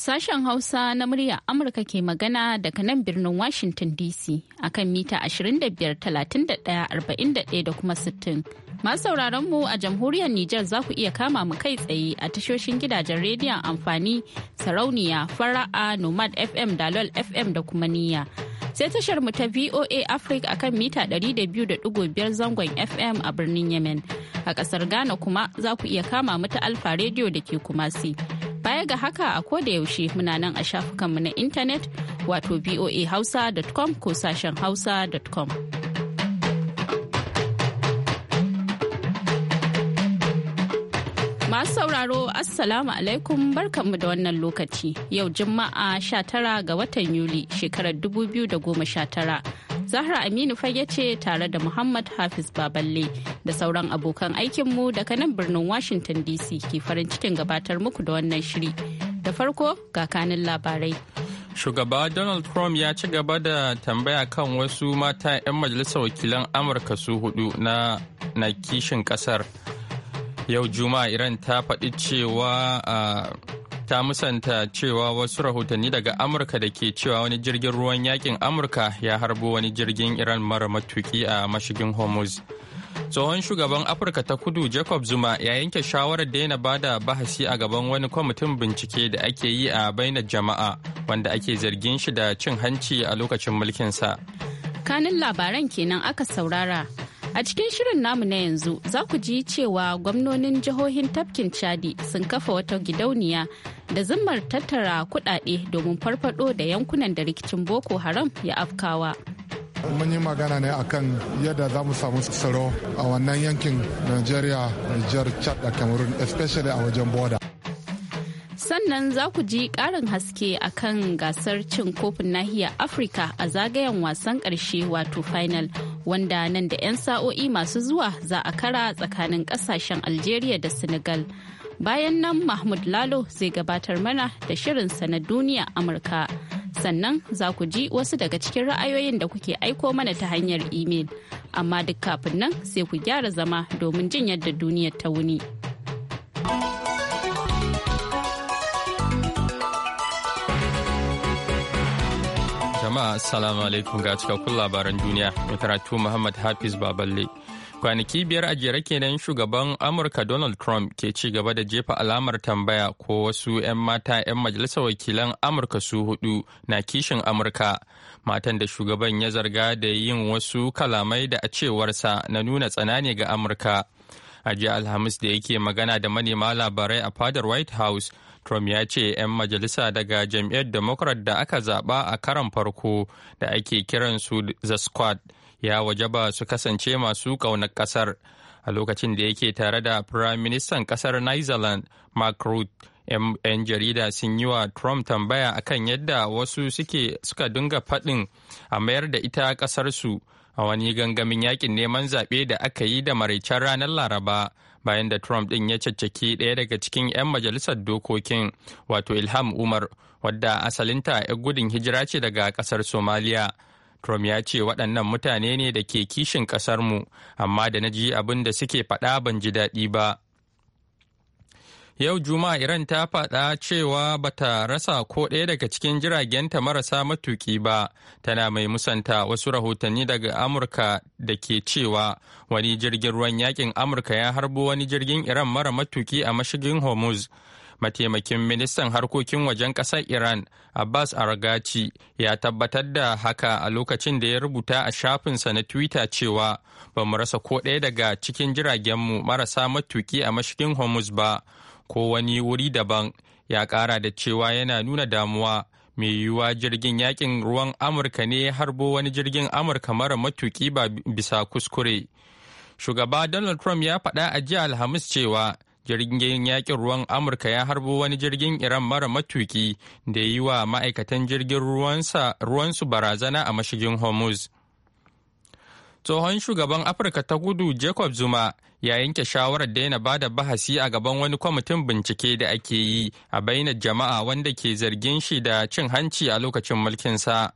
Sashen Hausa na murya Amurka ke magana daga nan birnin Washington DC a kan mita 25, 31, 41 da kuma 60. Masu sauraron mu a jamhuriyar Nijar za ku iya kama mu kai tsaye a tashoshin gidajen rediyon amfani sarauniya fara'a Nomad FM Dalol FM da kuma niyya. Sai tashar mu ta VOA Africa a kan mita 200.5 zangon FM a birnin Yemen. A ƙasar Ghana kuma za ku iya kama mu ta Alfa Radio da ke Kumasi. Baya ga haka a da yaushe muna nan a shafukanmu na intanet wato voahausa.com ko sashen hausa.com. Masu sauraro Assalamu alaikum barkanmu da wannan lokaci yau Juma'a 19 ga watan Yuli shekarar 2019. Zahra Aminu fage ce tare da Muhammad Hafiz Baballe da sauran abokan aikinmu daga nan birnin Washington DC ke farin cikin gabatar muku da wannan shiri. Da farko ga kanin labarai. Shugaba Donald Trump ya ci gaba da tambaya kan wasu mata 'yan majalisar wakilan Amurka su hudu na, na kishin kasar. Yau Juma'a Iran ta faɗi cewa uh, ta musanta cewa wasu rahotanni daga amurka da ke cewa wani jirgin ruwan yakin amurka ya harbo wani jirgin iran mara matuki a mashigin hormuz tsohon shugaban afirka ta kudu jacob zuma ya yanke shawarar daina bada bahasi a gaban wani kwamitin bincike da ake yi a bainar jama'a wanda ake zargin shi da cin hanci a lokacin mulkinsa kanin labaran kenan aka saurara A cikin shirin namu na yanzu za ku ji cewa gwamnonin jihohin tafkin Chadi sun kafa wata gidauniya da zimmar tattara kudade domin farfado da yankunan da rikicin Boko Haram ya afkawa. mun yi magana ne akan yadda za mu samu tsaro a wannan yankin Najeriya, Nijar, Chad da Cameroon especially a wajen boda. Sannan za ku ji ƙarin haske a kan gasar cin kofin nahiyar Afirka a zagayen wasan ƙarshe wato final wanda nan da 'yan sa'o'i masu zuwa za a kara tsakanin kasashen algeria da senegal bayan nan mahmud lalo zai gabatar mana da shirinsa na duniya amurka sannan za ku ji wasu daga cikin ra'ayoyin da kuke aiko mana ta hanyar imel amma duk kafin nan sai ku gyara zama domin jin yadda duniyar ta wuni. jama'a assalamu alaikum ga cikakkun labaran duniya mai karatu muhammad hafiz baballe kwanaki biyar a jere kenan shugaban amurka donald trump ke ci gaba da jefa alamar tambaya ko wasu 'yan mata 'yan majalisar wakilan amurka su hudu na kishin amurka matan da shugaban ya zarga da yin wasu kalamai da a cewarsa na nuna tsanani ga amurka a jiya alhamis da yake magana da manema labarai a fadar white house Trump ya ce 'yan majalisa daga jam'iyyar Democrat da aka zaɓa a karan farko da ake kiran su The Squad ya wajaba su kasance masu ƙaunar ƙasar. A lokacin da yake tare da Prime Minister ƙasar Netherlands Mark Rutte, 'yan jarida sun yi wa Trump tambaya akan yadda wasu suka dinga faɗin a mayar da ita ƙasarsu a wani gangamin yakin neman zaɓe da aka yi da maraicen ranar Laraba. bayan da Trump ɗin ya caccaki ɗaya daga cikin 'yan majalisar dokokin wato Ilham Umar wadda asalinta 'yan gudun hijira ce daga ƙasar Somalia. Trump ya ce waɗannan mutane ne da ke kishin ƙasarmu, amma da na ji abin da suke faɗa ban ji daɗi ba. yau juma'a iran ta faɗa cewa bata rasa ko ɗaya daga cikin jiragenta marasa matuki ba tana mai musanta wasu rahotanni daga amurka da ke cewa wani jirgin ruwan yakin amurka ya harbo wani jirgin iran mara matuki a mashigin hormuz mataimakin ministan harkokin wajen ƙasar iran abbas argaci ya tabbatar da haka a lokacin da ya rubuta a shafinsa na twitter cewa ba mu rasa ko ɗaya daga cikin jiragenmu marasa matuki a mashigin hormuz ba ko wani wuri daban ya kara da cewa yana nuna damuwa mai yiwuwa jirgin yakin ruwan amurka ne harbo wani jirgin amurka mara matuki ba bisa kuskure shugaba donald trump ya faɗa a jiya alhamis cewa jirgin yakin ruwan amurka ya harbo wani jirgin iran mara matuki da yi wa ma'aikatan jirgin ruwansu barazana a mashigin hormuz tsohon shugaban afirka ta gudu jacob zuma ya yanke shawarar daina ba da bahasi a gaban wani kwamitin bincike da ake yi a bainar jama'a wanda ke zargin shi da cin hanci a lokacin mulkinsa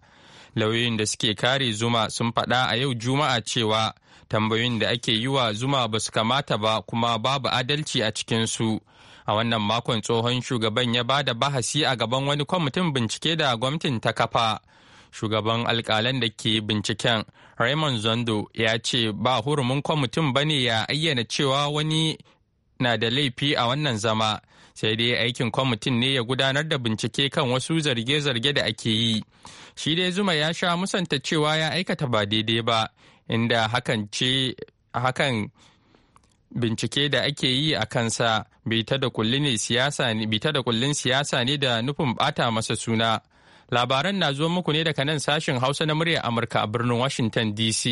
lauyoyin da suke kare zuma sun faɗa a yau juma'a cewa tambayoyin da ake yi wa zuma ba su kamata ba kuma babu adalci a cikinsu a wannan makon tsohon shugaban ya ba da bahasi a gaban wani kwamitin bincike da gwamnatin ta kafa shugaban alkalan da ke binciken raymond zondo ya ce ba hurumin kwamitin ba ne ya ayyana cewa wani na da laifi a wannan zama sai dai aikin kwamitin ne ya gudanar da bincike kan wasu zarge-zarge da ake yi shi dai zuma ya sha musanta cewa ya aikata ba daidai ba inda hakan ce hakan bincike da ake yi a kansa bita da kullin siyasa ne da nufin bata masa suna Labaran na zo muku ne daga nan sashen Hausa na muryar Amurka a birnin Washington DC.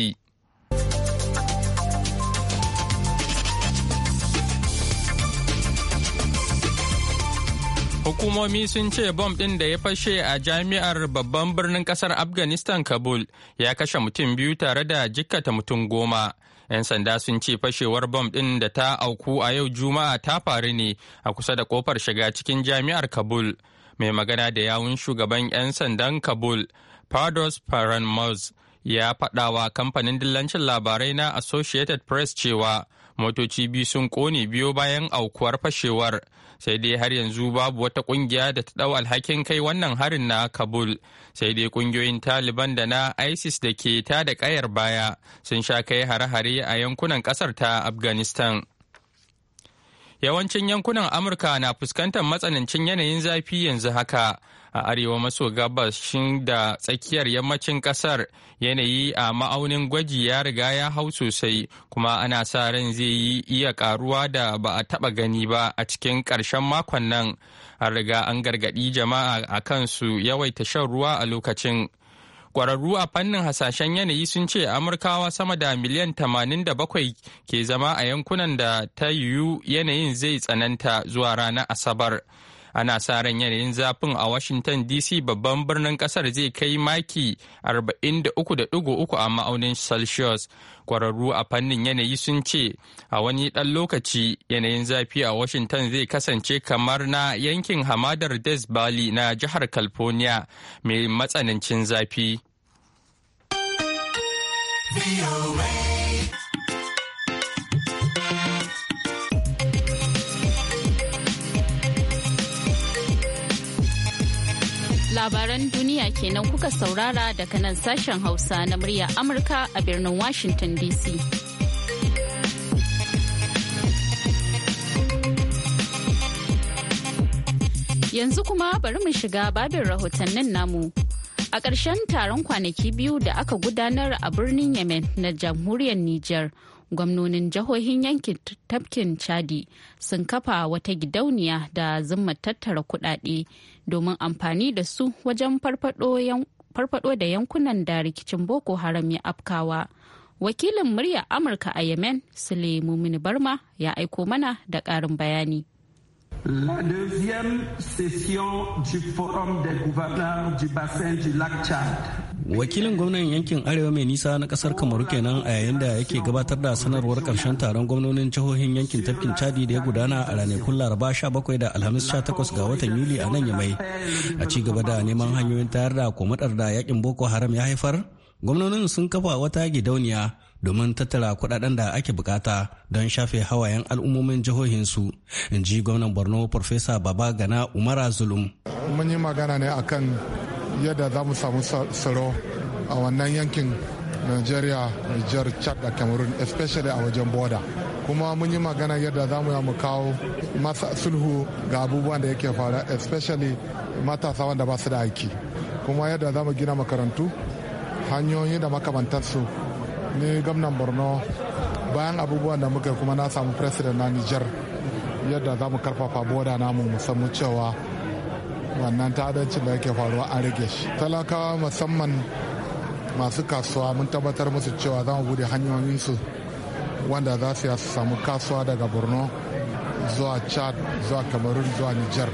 Hukumomi sun ce bom ɗin da ya fashe a jami'ar babban birnin ƙasar Afghanistan Kabul ya kashe mutum biyu tare da jikkata mutum goma. 'Yan sanda sun ce fashewar bom ɗin da ta auku a yau Juma'a ta faru ne a kusa da ƙofar shiga cikin jami'ar Kabul. mai magana da yawun shugaban 'yan sandan kabul pardos paranmos ya faɗawa kamfanin dillancin labarai na associated press cewa motoci biyu sun kone biyo bayan aukuwar fashewar sai dai har yanzu babu wata ƙungiya da ta ɗau alhakin kai wannan harin na kabul sai dai ƙungiyoyin taliban da na isis da ke ta da ƙayar baya sun sha kai hare-hare a yankunan ƙasar ta afghanistan Yawancin yankunan Amurka na fuskantar matsanancin yanayin zafi yanzu haka a arewa maso gabashin da tsakiyar yammacin kasar yanayi a ma'aunin gwaji ya riga ya hau sosai kuma ana sa ran zai yi iya karuwa da ba a taba gani ba a cikin karshen makon nan an riga an gargadi jama'a a kansu yawaita shan ruwa a lokacin. Kwararru a fannin hasashen yanayi sun ce Amurkawa sama da miliyan 87 ke zama a yankunan da ta yiwu yanayin zai tsananta zuwa ranar Asabar. ana sa ran yanayin zafin a washington dc babban birnin kasar zai kai maki 43.3 a ma'aunin celsius kwararru a fannin yanayi sun ce a wani ɗan lokaci yanayin zafi a washington zai kasance kamar na yankin hamadar des valley na jihar california mai matsanancin zafi. labaran duniya kenan kuka saurara daga nan sashen Hausa na murya Amurka a birnin Washington DC. Yanzu kuma bari mu shiga babin rahotannin namu. A ƙarshen taron kwanaki biyu da aka gudanar a birnin Yemen na jamhuriyar Nijar. gwamnonin jihohin yankin tafkin chadi sun kafa wata gidauniya da zuma tattara kudade domin amfani da su wajen farfado da yankunan da rikicin boko haram ya afkawa wakilin murya amurka a yemen sule mumini barma ya aiko mana da karin bayani La deuxième session du Forum des gouverneurs du bassin du lac Tchad. Wakilin gwamnan yankin Arewa mai nisa na kasar Kamaru kenan a yayin da yake gabatar da sanarwar karshen taron gwamnonin jihohin yankin tafkin Chadi da ya gudana a ranakun Laraba 17 da Alhamis 18 ga watan Yuli a nan Yamai. A ci gaba da neman hanyoyin tayar da komadar da yakin Boko Haram ya haifar, gwamnonin sun kafa wata gidauniya domin tattara kuɗaɗen da ake bukata don shafe hawayen al'ummomin jihohinsu in ji gwamnan borno farfesa baba gana umara zulum mun yi magana ne akan yadda za mu samu tsaro a wannan yankin nigeria Niger, chad da cameroon especially a wajen boda kuma mun yi magana yadda za mu yi kawo masa sulhu ga abubuwan da yake fara especially matasa wanda ba su da aiki kuma yadda za mu gina makarantu hanyoyi da makamantarsu ni gwamnan borno bayan abubuwan da muka kuma na samu president na niger yadda za mu karfafa boda namu musamman cewa wannan ta'adancin da yake faruwa an rage shi talakawa musamman masu kasuwa mun tabbatar musu cewa za mu bude hanyoyinsu wanda za su su samu kasuwa daga borno zuwa chad zuwa cameroon zuwa niger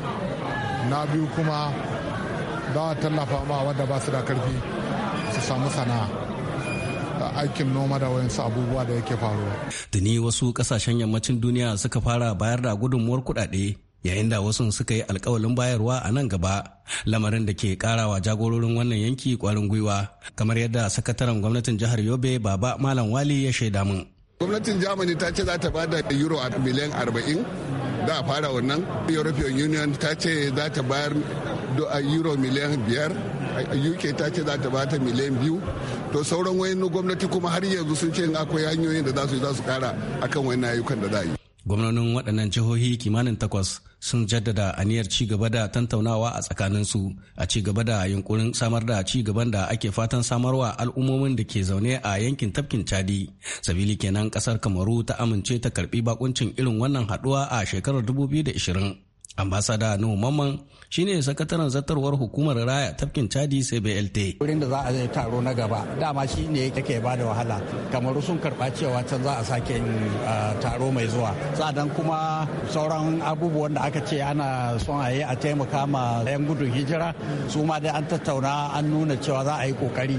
na biyu kuma za a tallafa ma wanda ba su da karfi su samu sana'a aikin noma da wayansu abubuwa da yake faruwa. Tuni wasu kasashen yammacin duniya suka fara bayar da gudunmuwar kuɗaɗe yayin da wasu suka yi alkawalin bayarwa a nan gaba lamarin da ke karawa jagororin wannan yanki kwarin gwiwa kamar yadda sakataren gwamnatin jihar yobe baba malam wali ya shaida mun. gwamnatin germany ta ce za ta bada euro a miliyan arba'in za a fara wannan european union ta ce za ta bayar euro miliyan biyar uk ta ce za ta bata miliyan biyu to sauran wayan gwamnati kuma har yanzu sun ce akwai hanyoyin da za su za su kara akan wayan ayyukan da za yi gwamnonin waɗannan jihohi kimanin takwas sun jaddada aniyar ci gaba da tantaunawa a tsakaninsu a ci gaba da yunkurin samar da ci gaban da ake fatan samarwa al'ummomin da ke zaune a yankin tafkin chadi sabili kenan kasar kamaru ta amince ta karbi bakuncin irin wannan haduwa a shekarar 2020 ambasada nuhu mamman shine sakataren zartarwar hukumar raya tafkin chadi cblt wurin da za a taro na gaba dama shi ne take ba da wahala kamar sun karba cewa can za a sake yin taro mai zuwa sadan kuma sauran abubuwan da aka ce ana son a yi a taimaka ma yan gudun hijira su ma dai an tattauna an nuna cewa za a yi kokari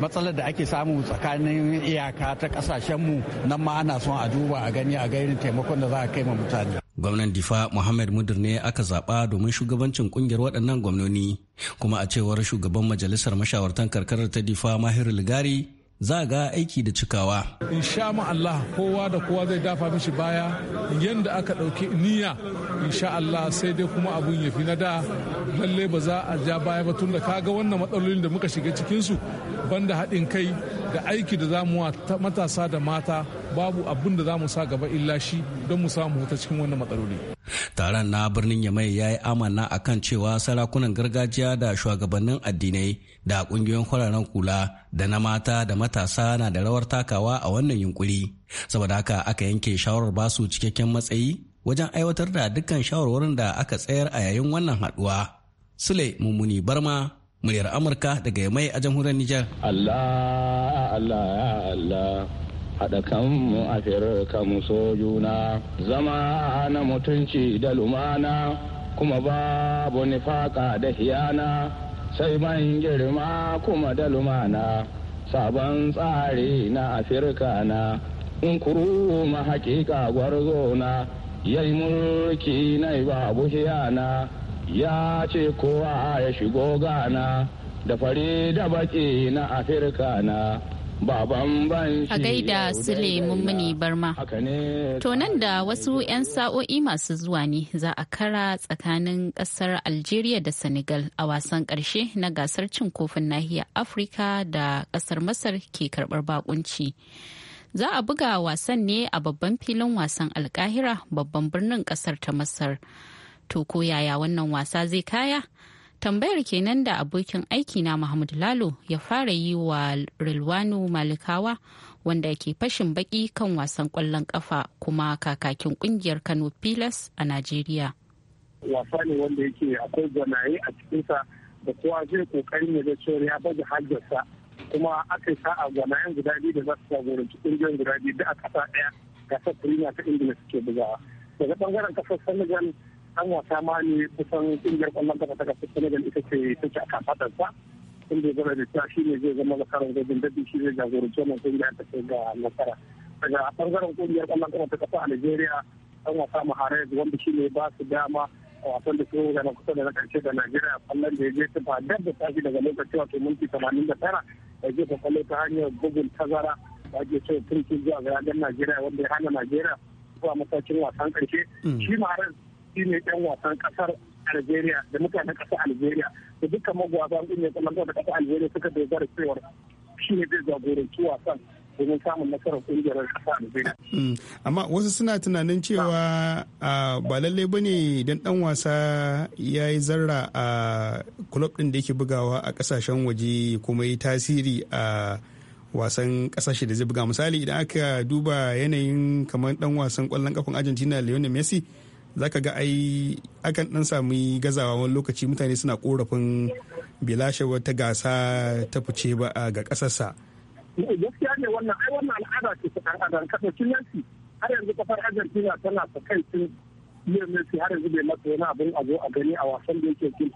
matsalar da ake samu tsakanin iyaka ta kasashen mu nan ma ana son a duba a gani a gairin taimakon da za a kai ma mutane gwamnan difa muhammad mudir ne aka zaɓa domin shugabancin kungiyar waɗannan gwamnoni kuma a cewar shugaban majalisar mashawartan karkarar ta difa mahir ligari za ga aiki da cikawa in sha Allah kowa da kowa zai dafa mishi baya yadda aka ɗauki niyya in sha Allah sai dai kuma abun ya fi na da lalle ba za a ja baya ba tun da kaga wannan matsalolin da muka shiga cikinsu banda haɗin kai da aiki da zamuwa matasa da mata babu abin da za mu sa gaba illa shi don mu samu wata cikin wannan matsaloli. Taron na birnin Yamai ya yi amana a kan cewa sarakunan gargajiya da shugabannin addinai da kungiyoyin kwararren kula da na mata da matasa na da rawar takawa a wannan yunkuri. Saboda haka aka yanke shawarar basu cikakken matsayi wajen aiwatar da dukkan shawarwarin da aka tsayar a yayin wannan haduwa. Sule Mummuni Barma muryar Amurka daga Yamai a jamhuriyar Nijar. Allah Allah Allah haɗa kanmu a kanmu so juna zama na mutunci da lumana kuma babu nifaka da hiyana sai man girma kuma da lumana sabon tsari na afirka na in kuruma hakika gwarzo na yi mulki na babu hiyana ya ce kowa ya shigo gana da fari da baki na afirka na A gaida Sule Mummuni Barma. To nan da wasu 'yan sa'o'i masu zuwa ne za a kara tsakanin kasar Algeria da Senegal a wasan ƙarshe na gasar cin kofin nahiyar Afirka da kasar Masar ke karɓar bakunci. Za a buga wasan ne a babban filin wasan Alkahira babban birnin kasar ta Masar. To ko yaya wannan wasa zai kaya? tambayar kenan da abokin aiki na Muhammadu Lalo ya fara yi wa Rilwanu Malikawa wanda ke fashin baki kan wasan kwallon kafa kuma kakakin kungiyar Kano Pilas a Najeriya. Wasa ne wanda yake akwai gwanaye a cikinsa da kowa zai kokari ya da cewa ya baje hajjarsa kuma aka sa a gwanayen guda biyu da za su jagoranci kungiyar guda biyu da a kasa daya gasar Premier ta Ingila suke bugawa. Daga bangaren kasar Senegal an wasa ma ne kusan kungiyar kwallon kafa ta kasar senegal ita ce ce a kafadarsa tun da zama da ta shi ne zai zama zakarar da dabi shi zai jagoranci wannan kungiya ta kai ga nasara daga ɓangaren kungiyar kwallon kafa ta kafa a nigeria an wasa maharaj wanda shi ne ba su dama a wasan da suka gana kusa da na karshe da nigeria kwallon da ya je ta ba dab da tashi daga lokaci wato minti tamanin da tara da ta kwallo ta hanyar bugun tazara da ake cewa turki zuwa ga yagan najeriya wanda ya hana najeriya zuwa matakin wasan karshe mm. shi maharaj ne ɗan wasan ƙasar Algeria da mutanen ƙasar Algeria da dukkan magwaza ƙungiyar kwallon kafa da ƙasar Algeria suka dogara cewar shi ne zai jagoranci wasan domin samun nasarar ƙungiyar ƙasar Algeria. Hmm. Amma wasu suna tunanin cewa ba lallai ba ne don ɗan wasa ya yi zarra a kulob ɗin da yake bugawa a ƙasashen waje kuma yi tasiri a wasan kasashe da zai buga misali idan aka duba yanayin kamar dan wasan kwallon kafin argentina lionel messi zaka ga ai akan dan sami gazawa wani lokaci mutane suna korafin bilashe wata gasa ta fice ba ga kasarsa eh, gaskiya ne wannan ai wannan al'ada ce ta al'adar kasashen yanki har yanzu kafar argentina tana ta kai sun yin har yanzu bai masa wani abin a zo a gani a wasan da yake kin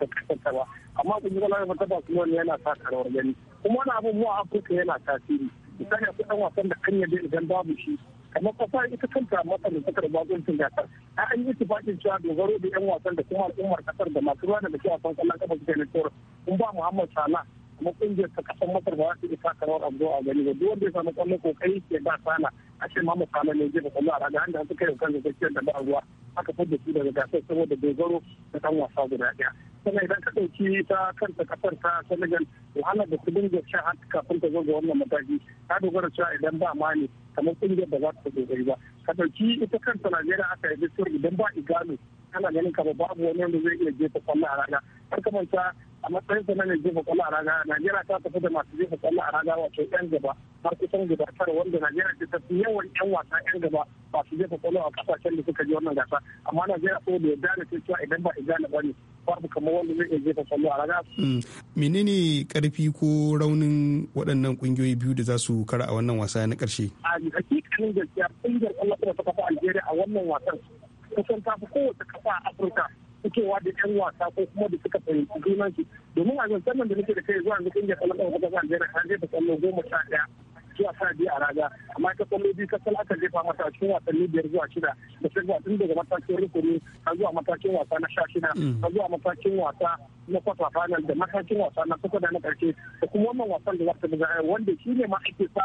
ta ba amma kun ga lalata ta ne yana sa karawar gani kuma wani abin mu a afirka yana tasiri misali a kudin wasan da kan yadda idan babu shi kamar kasa ita kanta matsalin takar bakuncin gasar a an yi tufakin cewa dogaro da yan wasan da kuma al'ummar kasar da masu ruwa da ke wasan kallon kafa suke na tsoron kun ba muhammad salah kuma kungiyar ta kasan masar ba za ta isa kamar abu a gani ba duk wanda ya samu kwallon kokari ke ba sana a ce mamu sana ne jefa kwallo a raga handa suka yi kansa gaskiyar da ba ruwa aka fadda su daga gasar saboda dogaro da kan wasa guda daya sannan idan ka ɗauki ta kanta kasar ta senegal wahala da kudin da sha har kafin ta zo ga wannan mataki ta dogara cewa idan ba ma mani kamar kungiyar da za ta dogari ba ka ɗauki ita kanta najeriya aka yi idan ba igalo ana ganin kama babu wani wanda zai iya jefa kwallo a raga har ta a matsayin sa na jefa kwallo a raga najeriya ta tafi da masu jefa kwallo a raga wato yan gaba har kusan guda tara wanda najeriya ta tafi yawan yan wasa yan gaba masu jefa kwallo a kasashen da suka je wannan gasa amma najeriya ko da ya gane cewa idan ba gane ba ne babu kamar wanda zai iya jefa kwallo a raga. Mm, menene karfi ko raunin waɗannan ƙungiyoyi biyu da za su kara a wannan wasa na ƙarshe. a hakikanin gaskiya ƙungiyar kwallo ta kafa algeria a wannan wasan kusan ta fi kowace kafa a afirka fitowa da yan wasa ko kuma da suka fahimci junan su domin a zancen nan da nake da kai zuwa ga kungiyar kwallon kafa ta Najeriya ta jefa kwallo goma sha ɗaya zuwa sha biyu a raga amma ta kwallo biyu ta kwallo aka jefa mata cikin wasanni biyar zuwa shida da sai zuwa tun daga matakin rukuni har zuwa matakin wasa na sha shida mm. har zuwa matakin wasa na kwata final da matakin wasa na kusa da na ƙarshe da kuma wannan wasan da za ta buga wanda shi ne ma ake sa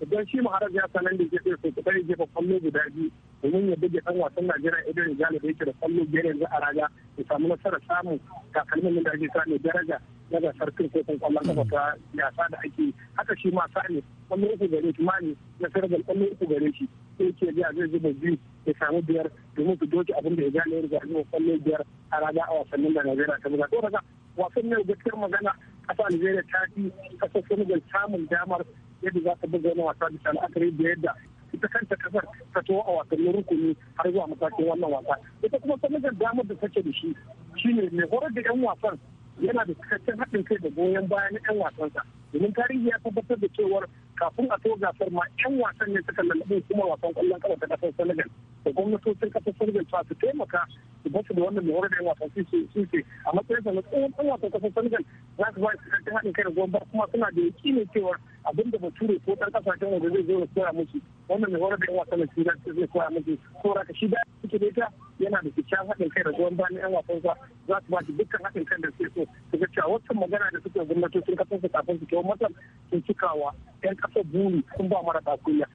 idan shi maharaj ya sanar da jefe sai kusa jefa kwallo guda biyu domin ya buge kan wasan najeriya idan ya da yake da kwallo biyar yanzu a raga ya samu nasarar samun takalmin da ake sa ne daraja na gasar kofin kwallon kafa ta yasa da ake haka shi ma sani kwallo uku gare shi mani na sarrafa kwallo uku gare shi sai ji a zai zuba biyu ya samu biyar domin su doki abin da ya gane ya riga zuba kwallo biyar a raga a wasannin da najeriya ta buga wasan ne gaskiyar magana kasa Algeria ta fi kasar Senegal samun damar yadda za ta buga wani wasa bisa la'akari da yadda ita kanta kasar ta tuwo a wasannin rukuni har zuwa matakin wannan wasa ita kuma sanatar damar da take da shi shine mai horar da 'yan wasan yana da cikakken haɗin kai da goyon baya na 'yan wasansa domin tarihi ya tabbatar da cewar kafin a tuwo gasar ma 'yan wasan ne suka lallaɓe kuma wasan kwallon ƙafa ta kasar senegal da gwamnatocin kasar senegal ta su taimaka su basu da wannan mai horar da 'yan wasan sun ce a matsayin sa na tsohon wasan kasar senegal za su ba su cikakken haɗin kai da gwamba kuma suna da ne cewa abin da bature ko ɗan ƙasashen waje zai zo ya koya musu wannan mai horar da yan wasan da shi zai koya musu ko ka shi da suke da ita yana da kyakkyawan haɗin kai da goyon na yan wasan za su ba su dukkan haɗin kai da suke so su ga cewa magana da suke gwamnatocin su kafin su kewa masa sun cikawa yan ƙasar buri sun ba mara kunya.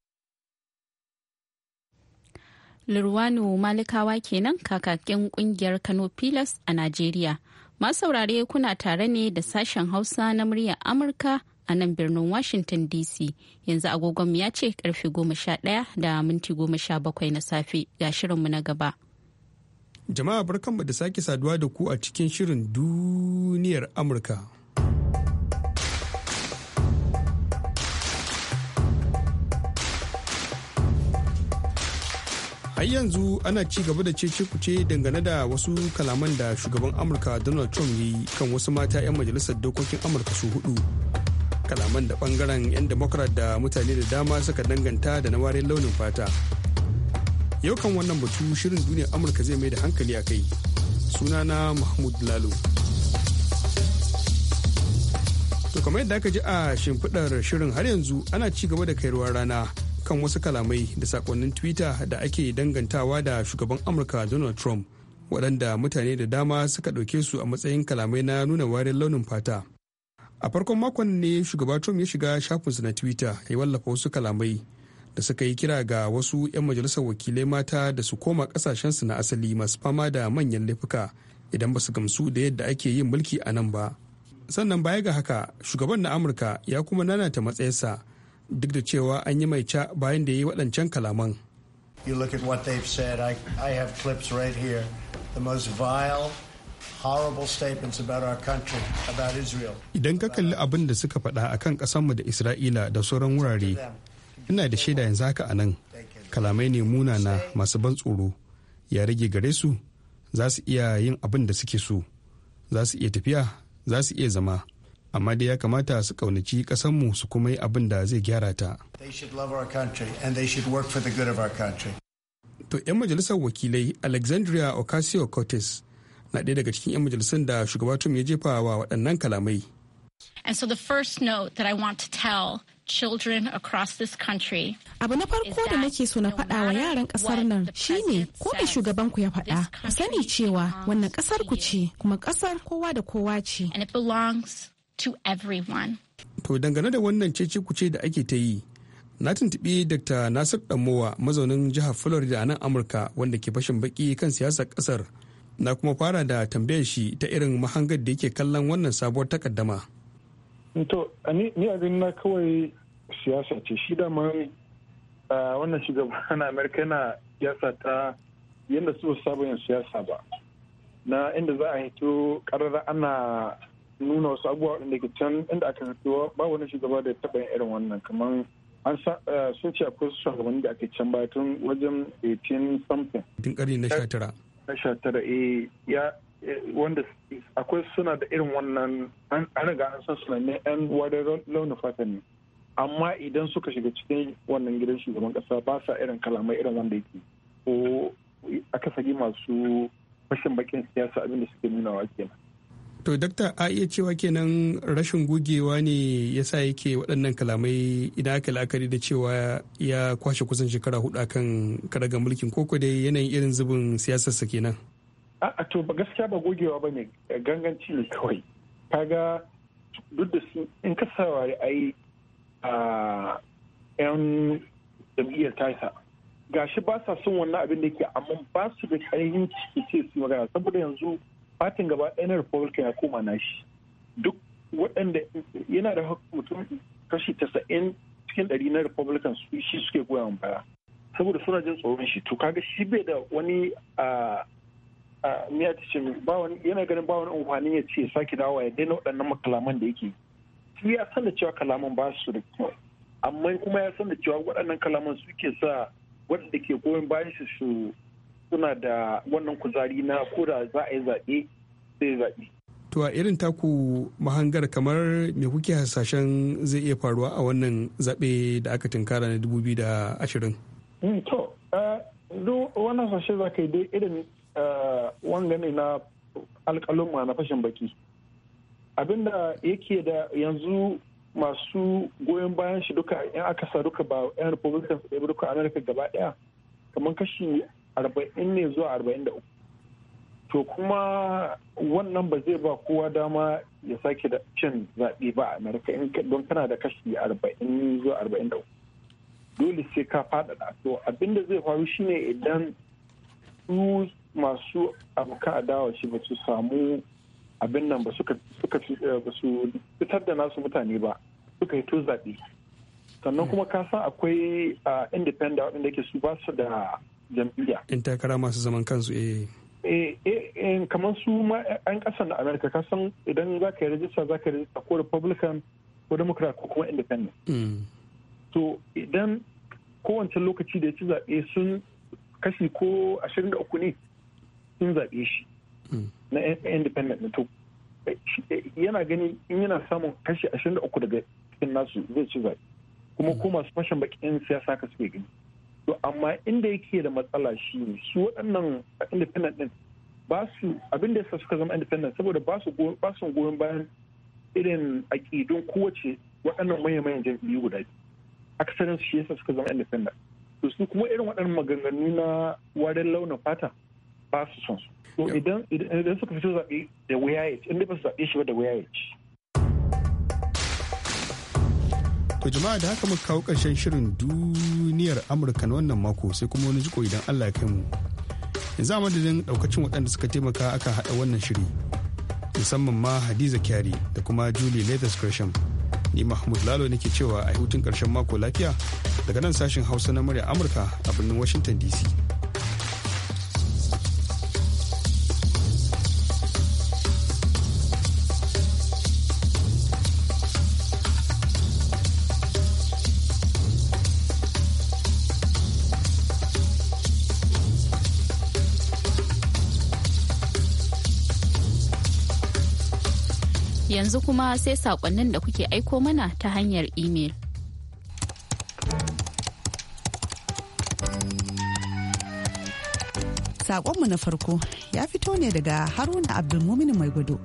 Lurwanu Malikawa kenan kakakin kungiyar Kano Pilas a Najeriya. Masu saurare kuna tare ne da sashen Hausa na muryar Amurka a nan birnin Washington DC. Yanzu agogon ya ce karfe goma sha ɗaya da minti goma sha bakwai na safe ga shirinmu na gaba. Jama'a barkanmu da sake saduwa da ku a cikin shirin duniyar Amurka. har yanzu ana ci gaba da cecekuce kuce dangane da wasu kalaman da shugaban amurka donald trump ya yi kan wasu mata 'yan majalisar dokokin amurka su hudu kalaman da bangaren 'yan democrat da mutane da dama suka danganta da na warin launin fata yau kan wannan batu shirin duniyar amurka zai mai da hankali a kai sunana mahmud lalo to kamar yadda aka ji a shimfiɗar shirin har yanzu ana ci gaba da kairuwar rana kan wasu kalamai da sakonnin twitter da ake dangantawa da shugaban amurka donald trump waɗanda mutane da dama suka ɗauke su a matsayin kalamai na nuna warin launin fata a farkon makon ne shugaba trump ya shiga shafinsa na twitter ya wallafa wasu kalamai da suka yi kira ga wasu 'yan majalisar wakilai mata da su koma kasashensu na asali masu fama da manyan laifuka idan ba su gamsu da yadda ake yin mulki a nan ba sannan baya ga haka shugaban na amurka ya kuma nanata matsayarsa duk da cewa an yi mai ca bayan da ya yi waɗancan kalaman. You look at what they've said, I, I have the most vile, horrible statements about our country, about Israel. Idan ka kalli abin da suka faɗa a kan ƙasanmu da Isra'ila da sauran wurare, ina da shaida yanzu haka a nan, kalamai ne munana masu ban tsoro, ya rage gare su, za su iya yin abin da suke so, za su iya tafiya, za su iya zama. amma dai ya kamata su kaunaci ƙasanmu su kuma yi abin da zai gyara ta. To 'yan majalisar wakilai Alexandria Ocasio-Cortez na ɗaya daga cikin 'yan majalisar da shugaba Trump ya jefa wa waɗannan kalamai. And so the first note that I want to tell children across this country. Abu na farko da nake so na faɗa wa yaran ƙasar nan shine ko mai shugaban ku ya faɗa, ku sani cewa wannan ƙasar ku ce kuma ƙasar kowa da kowa ce. And to everyone. To dangane da wannan cece kuce da ake ta yi, na tuntuɓi Dr. Nasir Damowa mazaunin jihar Florida nan Amurka wanda ke fashin baki kan siyasar kasar Na kuma fara da tambayar shi ta irin mahangar da yake kallon wannan sabuwar takaddama. To, ni a na kawai siyasa ce shi da wannan shugaban Amurka yana siyasa ta yadda su sabon siyasa ba. Na inda za a hito ƙarar ana nuna wasu abubuwa waɗanda ke can inda aka fito ba wani shugaba da taɓa yin irin wannan kamar an eh, sun ce akwai shugabanni da ake can baya tun wajen 18 something tun ƙarni na 19 na 19 eh ya eh, wanda akwai suna da irin wannan an riga an san suna ne yan ware launin fata ne amma idan suka shiga cikin wannan gidan shugaban kasa ba sa irin kalamai irin wanda yake ko aka akasari masu fashin bakin siyasa abin da suke nunawa kenan to Dokta, a iya cewa kenan rashin gogewa ne ya sa yake waɗannan kalamai idan aka la'akari da cewa ya kwashe kusan shekara hudu akan karagar mulkin koko dai yanayin irin zubin siyasarsa kenan a to ba gaskiya ba gogewa ba ne ganganci ne kawai kaga duk da su in ka ya ai a yan jam'iyyar tasa gashi ba sa son wannan abin da yake amma ba su da kayan ciki ce su magana saboda yanzu fatin gaba ɗaya republican ya koma nashi duk waɗanda yana da mutum kashi tasa'in cikin ɗari na republican shi suke goyon baya saboda suna jin tsoron shi to kaga shi bai da wani a miya ta ce yana ganin ba wani amfani ya ce sake dawowa ya daina waɗannan makalaman da yake shi ya san da cewa kalaman ba su da kyau amma kuma ya san da cewa waɗannan kalaman suke sa waɗanda ke goyon bayan shi su suna da wannan kuzari na koda za a yi zaɓe sai zaɓe. To a irin taku mahangar kamar me kuke hasashen zai iya faruwa a wannan zaɓe da aka tunkara na 2020? Mm, to, wannan hasashe za ka yi dai irin ne na alƙalumma na fashin baki. Abinda yake da yanzu masu goyon bayan shi duka 'yan akasa duka ba 'yan republicans ɗaya duka america gaba ɗaya kamar kashi arba'in ne zuwa arba'in da uku to kuma wannan ba zai ba kowa dama ya sake da cin zaɓe ba a amurka don kana da kashi arba'in zuwa arba'in da uku dole sai ka faɗaɗa to abinda zai faru shine idan su masu abuka dawa shi ba su samu abin nan ba su fitar da nasu mutane ba suka hito zaɓe sannan kuma ka san akwai ah, independent waɗanda ke su ba su da jam'iyya in takara masu zaman kansu eh eh, eh, eh kamar su ma yan kasar na america kasan idan za ka yi rajista za ka yi rajista ko republican ko democrat ko kuma independent hmm. to idan kowace lokaci da ya ci zaɓe sun kashi ko 23 ne sun zaɓe shi hmm. na independent na to yana gani in yana samun kashi 23 daga cikin nasu zai ci zaɓe kuma hmm. ko masu fashin bakin siyasa ka suke gani to amma inda yake da matsala shi ne su waɗannan independent din ba su abin da yasa suka zama independent saboda ba su goyon bayan irin aƙidun kowace waɗannan manyan jam'iyyu guda akasarin su yasa suka zama independent to su kuma irin waɗannan maganganu na warin launin fata ba su son su to idan suka fito zaɓe da wayage inda ba su zaɓe shi ba da wayage. To jama'a da haka muka kawo ƙarshen shirin duniyar Amurka na wannan mako sai kuma wani jiko idan Allah ya kai mu. Yanzu a madadin ɗaukacin waɗanda suka taimaka aka haɗa wannan shiri. Musamman ma Hadiza Kyari da kuma Julie Leathers Gresham. Ni Mahmud Lalo nake cewa a hutun ƙarshen mako lafiya daga nan sashen Hausa na murya Amurka a birnin Washington DC. yanzu kuma sai saƙonnin da kuke aiko mana ta hanyar imel. Saƙonmu na farko ya fito ne daga Haruna Abdulmumin Maigwado.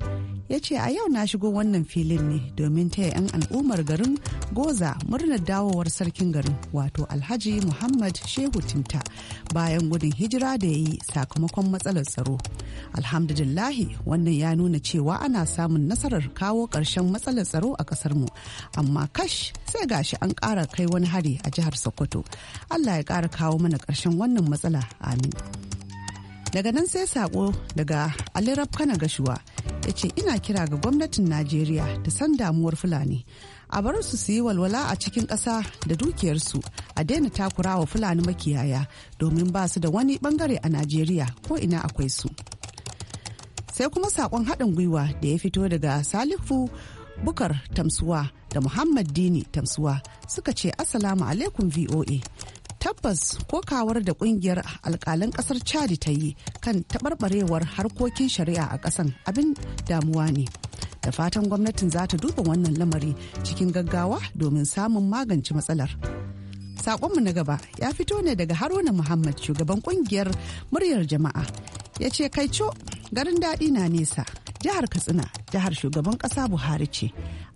ya ce a yau na shigo wannan filin ne domin taya 'yan al'ummar garin goza murnar dawowar sarkin garin wato alhaji muhammad shehu Tinta bayan gudun hijira da ya yi sakamakon matsalar tsaro alhamdulillahi wannan ya nuna cewa ana samun nasarar kawo ƙarshen matsalar tsaro a ƙasar mu amma kash sai gashi an ƙara kai wani hari a jihar sokoto allah ya ƙara kawo mana ƙarshen wannan matsala amin daga nan sai saƙo daga alirab kana gashuwa ta ce ina kira ga gwamnatin Najeriya ta san damuwar Fulani. A bar su su yi walwala a cikin ƙasa da dukiyarsu a daina takurawa Fulani makiyaya domin ba su da wani bangare a Najeriya ko ina akwai su. Sai kuma saƙon haɗin gwiwa da ya fito daga Salifu Bukar Tamsuwa da Muhammad Dini Tamsuwa suka ce Assalamu alaikum VOA. tabbas ko kawar da kungiyar alkalin kasar chadi ta yi kan taɓarɓarewar harkokin shari'a a ƙasan abin damuwa ne da fatan gwamnatin za ta duba wannan lamari cikin gaggawa domin samun magance matsalar saƙonmu na gaba ya fito ne daga haruna muhammad shugaban kungiyar muryar jama'a ya ce kai co garin daɗi na nesa jihar katsina jihar shugaban ƙasa buhari ce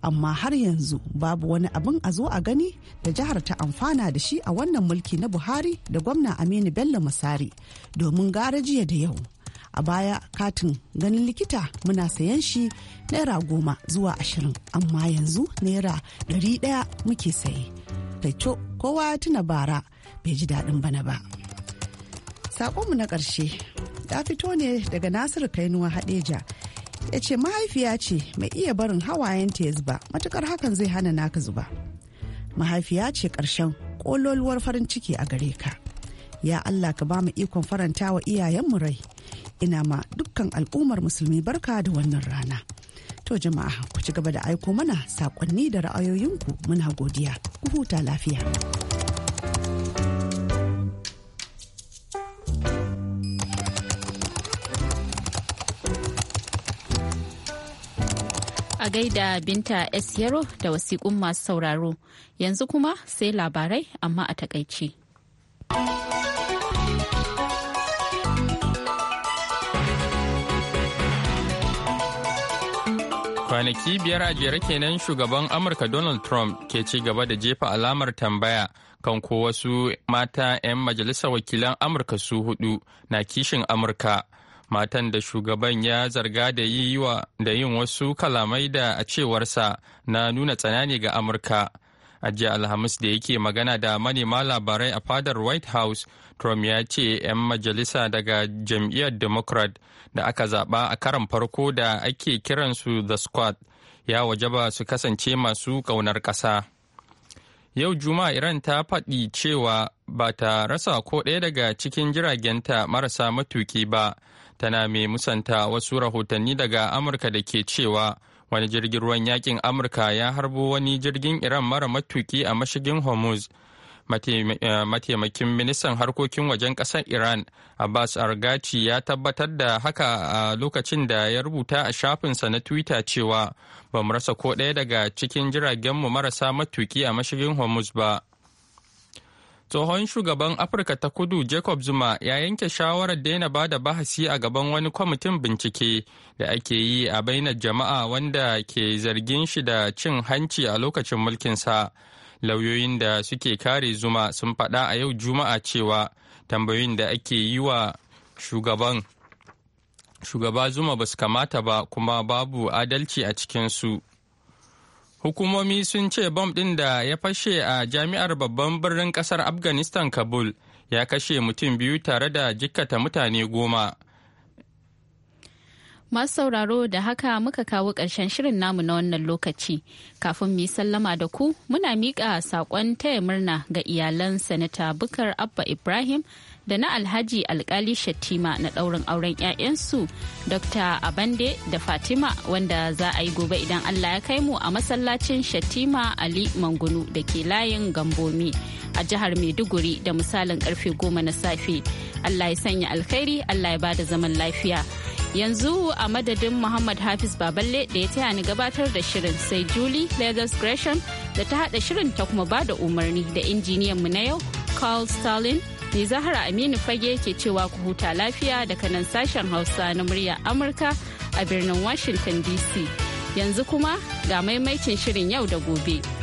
amma har yanzu babu wani abin a zo a gani da jihar ta amfana da shi a wannan mulki na buhari da gwamna aminu bello masari domin gara jiya da yau a baya katin ganin likita muna sayan shi naira goma zuwa ashirin amma yanzu naira ɗari ɗaya muke saye taito kowa tuna bara bai ji daɗin bana ba saƙonmu na ƙarshe ta fito ne daga nasiru kainuwa hadeja. ya ce mahaifiya ce mai iya barin hawayenta ya zuba matukar hakan zai hana naka zuba mahaifiya ce ƙarshen ƙololuwar farin ciki a gare ka ya allah ka ba mu ikon faranta wa iyayenmu rai ina ma dukkan al'ummar musulmi barka da wannan rana to jama'a ku ci gaba da aiko mana saƙonni da ra'ayoyinku muna godiya ku huta lafiya a gaida Binta S. Yaro da wasiƙun masu sauraro. Yanzu kuma sai labarai amma a takaice. Kwanaki biyar a jere kenan shugaban Amurka Donald Trump ke ci gaba da jefa alamar tambaya kan ko wasu mata 'yan majalisar wakilan Amurka su hudu na kishin Amurka. matan da shugaban ya zarga da yi wa da yin wasu kalamai da a cewarsa na nuna tsanani ga amurka a jiya alhamis da yake magana da manema labarai a fadar white house trump ya ce 'yan majalisa daga jam'iyyar democrat da aka zaba a karan farko da ake kiransu the squad ya wajaba su kasance masu kaunar ƙasa yau juma'a iran ta faɗi cewa ba ta rasa ko ɗaya daga cikin jiragenta marasa matuki ba tana mai musanta wasu rahotanni daga amurka da ke cewa wani jirgin ruwan yakin amurka ya harbo wani jirgin iran mara matuki a mashigin hormuz eh, mataimakin ministan harkokin wajen ƙasar iran abbas argaci ya tabbatar da haka a lokacin da ya rubuta a shafinsa na twitter cewa ba mu rasa ko ɗaya daga cikin jiragenmu marasa matuki a mashigin hormuz ba tsohon shugaban afirka ta kudu jacob zuma ya yanke shawarar daina ba da bahasi a gaban wani kwamitin bincike da ake yi a bainar jama'a wanda ke zargin shi da cin hanci a lokacin mulkinsa lauyoyin da suke kare zuma sun faɗa a yau juma'a cewa tambayoyin da ake yi wa shugaban shugaba zuma ba kamata ba kuma babu adalci a cikinsu. Hukumomi sun ce bom ɗin da ya fashe a jami'ar babban birnin ƙasar Afghanistan Kabul ya kashe mutum biyu tare da jikkata mutane goma. Masu sauraro da haka muka kawo ƙarshen shirin namu na wannan lokaci. Kafin mu yi sallama da ku, muna miƙa saƙon taya murna ga iyalan Sanata Bukar Abba Ibrahim da na alhaji alkali shattima na ɗaurin auren 'ya'yansu dr abande da fatima wanda za a yi gobe idan allah ya kai mu a masallacin shattima ali mangunu da ke layin gambomi a jihar maiduguri da misalin karfe goma na safe allah ya sanya alkhairi allah ya bada zaman lafiya yanzu a madadin muhammad hafiz baballe da ya taya ni gabatar da shirin sai julie lagos gresham da ta hada shirin ta kuma bada umarni da injiniyan mu na yau carl stalin Ni Zahra Aminu Fage ke cewa ku huta lafiya daga nan sashen Hausa na murya Amurka a birnin Washington DC. Yanzu kuma ga maimaitin shirin yau da gobe.